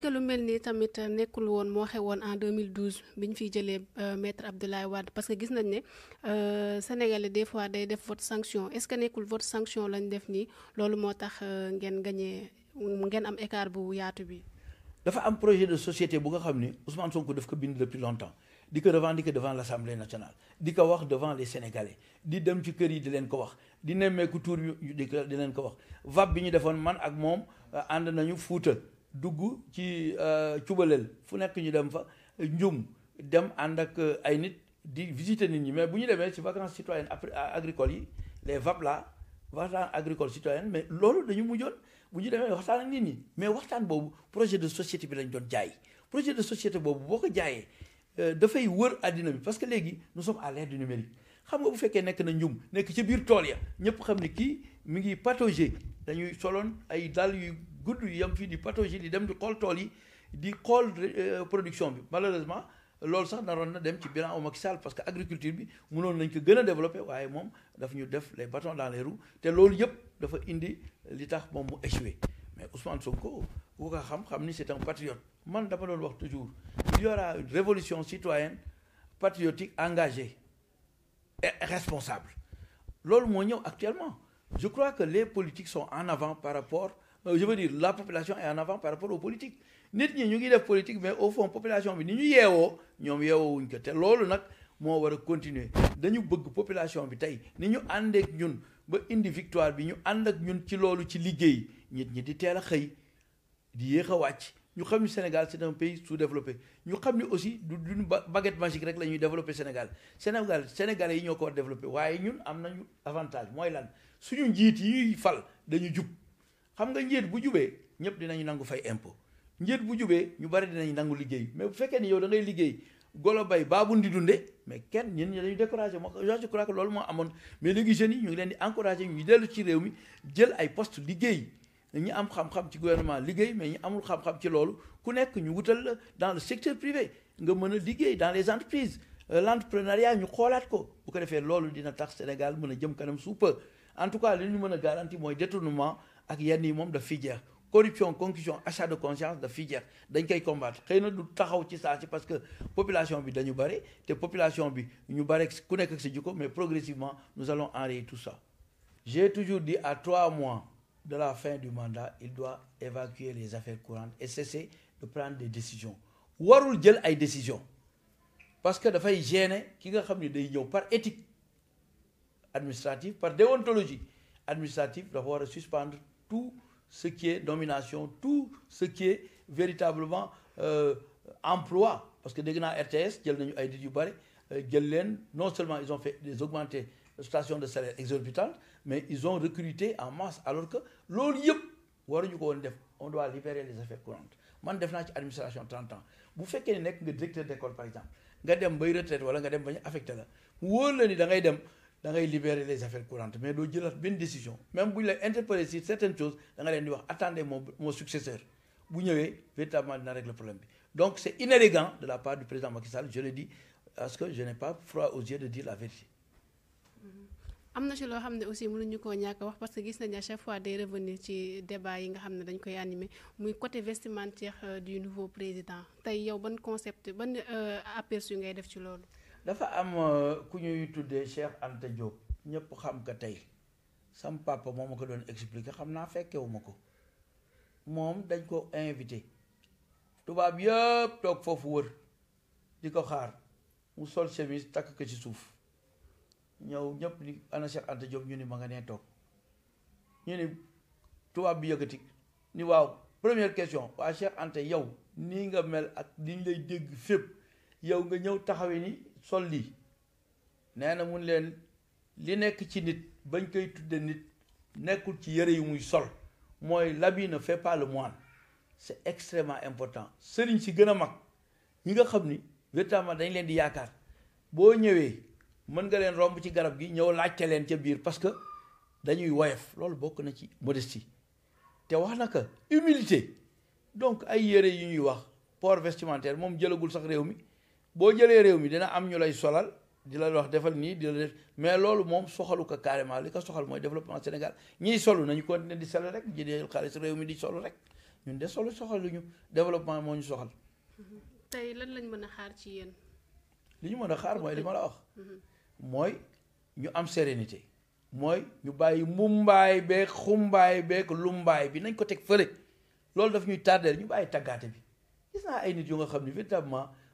que lu mel en 2012 biñ euh, maître Abdoulaye Wade parce que gis nañ euh, Sénégalais des fois day def votre sanction est-ce que nekkul sanction lañ def ni loolu moo tax euh, am écart bu bi. dafa am projet de société bu nga xam Ousmane Sonko daf depuis longtemps di ko revendiquer devant l'Assemblée nationale di ko devant les Sénégalais di dem ci kër yi di ko wax di di ko wax man dugg ci euh, cubaleel fu nekk ñu dem fa njum dem ànd ak euh, ay nit di visiter nit ñi mais bu ñu demee ci vacances citoyennes euh, agricoles yi les VAP là vacances agricole citoyenne mais loolu dañu mujjoon bu ñu demee waxtaan ak nit ñi mais waxtaan boobu projet de société bi lañ doon jaay projet de société boobu boo ko jaayee dafay wër àddina bi parce que léegi nous sommes à l'ère du numérique xam nga bu fekkee nekk na njum nekk ci biir tool ya ñëpp xam ni kii mi ngi patauger dañuy soloon ay dal yu gudd yu yam fii di patauger di dem di xool tool yi di xool euh, production bi malheureusement loolu sax naroon na dem ci bilan au Macky parce que agriculture bi mënoon nañ ko gën a développé waaye moom daf ñu def les bâtons dans les roues te loolu yëpp dafa indi li tax moom mu échoué mais Ousmane Sonko ku ko xam-xam ni c'est un patriote man dama doon wax toujours il y aura une révolution citoyenne patriotique engagée et responsable loolu moo ñëw actuellement je crois que les politiques sont en avant par rapport euh, je veux dire la population est en avant par rapport aux politiques nit ni ñu ngi def politique mais au fond population bi ni ñu yeewoo ñoom yeewoowuñ ko te loolu nag moo war a continuer dañu bëgg population bi tey ni ñu àndeek ñun ba indi victoire bi ñu ànd ak ñun ci loolu ci liggéey nit ñi di teel a di yéex a ñu xam Sénégal c'est un pays sous-développé ñu xam aussi du baguette magique rek la ñuy développer Sénégal Sénégal Sénégalais yi encore développés. Mais nous avons ñun avantage mooy lan suñu njiit yi ñuy fal dañu jub xam nga njiit bu jubee ñëpp dinañu nangu fay impôt njiit bu jubee ñu bari dinañ nangu liggéey mais bu fekkee ni yow da ngay liggéey golo bay baabu ndi dunde mais kenn ñun ñu dañu découragé moo je crois que loolu moo amoon mais léegi jeunes yi ñu ngi leen di dellu ci réew mi jël ay poste liggéey ñi am xam-xam ci gouvernement liggéey mais ñi amul xam ci loolu ku nekk ñu wutal la dans le secteur privé nga mën a liggéey dans les entreprises euh, l'entrepreneuriat ñu xoolaat ko bu ko defee loolu dina tax Sénégal mën a jëm kanam suupa en tout cas li ñu mën a garanti mooy détournement ak yenn a moom daf de jeex corruption concussion achat de conscience de fidèles. jeex dañ combattre xëy na du taxaw ci saa parce que population bi dañu bari te population bi ñu bari ku nekk ak sa jikko mais progressivement nous allons enrayer tout ça. J'ai toujours dit à trois mois de la fin du mandat il doit évacuer les affaires courantes et cesser de prendre des décisions warul jël ay décisions parce que dafay gêner ki nga xam ne day par éthique administrative par déontologie administrative dafa war suspendre tout ce qui est domination, tout ce qui est véritablement euh, emploi. Parce que dès RTS qui a euh, non seulement ils ont fait des augmentations de salaire exorbitantes mais ils ont recruté en masse alors que l'on on doit libérer les affaires courantes Je def naa l'administration administration 30 ans Vous faites ne que nga directeur d'école par exemple nga dem bay retraite wala nga dem bañ affecté la da ngay libérer les affaires courantes mais doo jëlaat benn décision même bu ñu lay interpeller si certaines choses da nga leen di wax attendez mon mon successeur bu ñëwee véritablement dina le problème donc c'est inélégant de la part du président Macky Sall je le dis parce que je n'ai pas froid aux yeux de dire la vérité. Mm-hmm. am na ci loo xam ne aussi mënuñu koo ñàkk wax parce que gis nañu à chaque fois day revenir ci débat yi nga xam ne dañ koy animer muy côté vestimentaire euh, du nouveau président tey yow ban concept ban euh, aperçu ngay def ci loolu. dafa am euh, ku ñuy tuddee cher Anta Diop ñëpp xam ko tey sam papa moo ma ko doon expliquer xam naa fekkewu ma ko moom dañ ko invité tubaab yëpp toog foofu wër di ko xaar mu sol chemise takk ko ci suuf ñëw ñëpp ni ana Cheikh Anta Diop ñu ni ma nga nee toog ñu ni tubaab bi yëkkati ni waaw première question waa Cheikh Anta yow nii nga mel ak niñ lay dégg fépp yow nga ñëw taxawe nii sol lii nee na mun leen li nekk ci nit bañ koy tudde nit nekkul ci yëre yu muy sol mooy l'habit ne fait pas le moine c'est extrêmement important sëriñ si gën a mag ñi nga xam ni véritablement dañ leen di yaakaar boo ñëwee mën nga leen romb ci garab gi ñëw laajte leen ca biir parce que dañuy woyof loolu bokk na ci modestie te wax na ko humilité donc ay yëre yu ñuy wax port vestimentaire moom jëlagul sax réew mi boo jëlee réew mi dina am ñu lay solal di la wax defal nii di def mais loolu moom soxalu ko carrément li ko soxal mooy développement Sénégal ñiy sol nañu continuer di sell rek di dee xaalis réew mi di sol rek ñun de solu ñu développement moo ñu soxal. Mm-hmm. tey lan lañ mën a xaar ci yéen. li ñu mën a xaar mooy li ma la wax. Mm-hmm. mooy ñu am sérénité. mooy ñu bàyyi mumbaay beeg xumbaay beeg lumbaay bi nañ ko teg fële loolu daf ñuy tardeel ñu bàyyi tàggaate bi gis ay nit yu nga xam ni véritablement.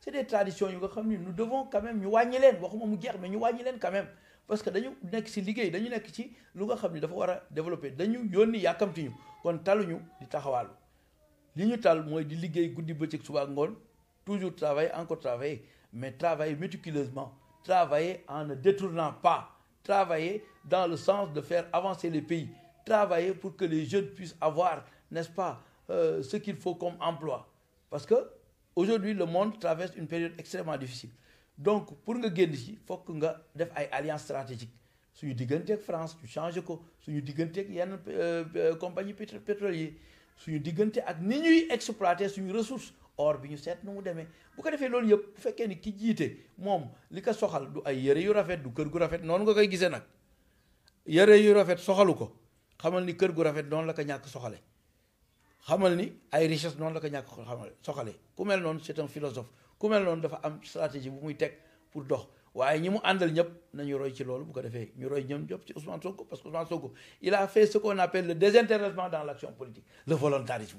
c'est des traditions nous devons quand même nous wàññi nous waxuma mu mais nous wàññi quand même parce que dañu nek ci liguey dañu nek ci lu nga xamni dafa wara développer dañu yoni yàkkamti ñu kon taluñu di taxawal li ñu tal moy di liguey guddi ci suba ngol toujours travailler encore travailler mais travailler méticuleusement travailler en ne détournant pas travailler dans le sens de faire avancer les pays travailler pour que les jeunes puissent avoir n'est-ce pas euh, ce qu'il faut comme emploi parce que aujourd'hui le monde traverse une période extrêmement difficile donc pour nga génn ci fokk nga def ay alliance stratégique suñu digganteeg France ñu changé ko suñu digganteeg yenn euh, compagnie pétrolier suñu diggante ak ni ñuy exploiter suñu ressources. or bi ñu seet nu mu demee bu ko defee loolu yëpp bu fekkee ni ki jiite moom li ko soxal du ay yëre yu rafet du kër gu rafet noonu nga koy gisee nag yëre yu rafet soxalu ko xamal ni kër gu rafet noonu la ko ñàkk soxale xamal ni ay richesse noonu la ko ñàkk xamal soxale ku mel noonu c'est un philosophe ku mel noonu dafa am stratégie bu muy teg pour dox waaye ñi mu àndal ñëpp nañu roy ci loolu bu ko defee ñu roy ñoom ñëpp ci Ousmane Sonko parce que Ousmane Sonko il a fait ce qu'on appelle le désintéressement dans l'action politique le volontarisme